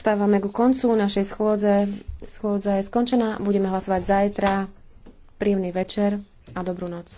Stávame ku koncu našej schôdze. Schôdza je skončená. Budeme hlasovať zajtra. Príjemný večer a dobrú noc.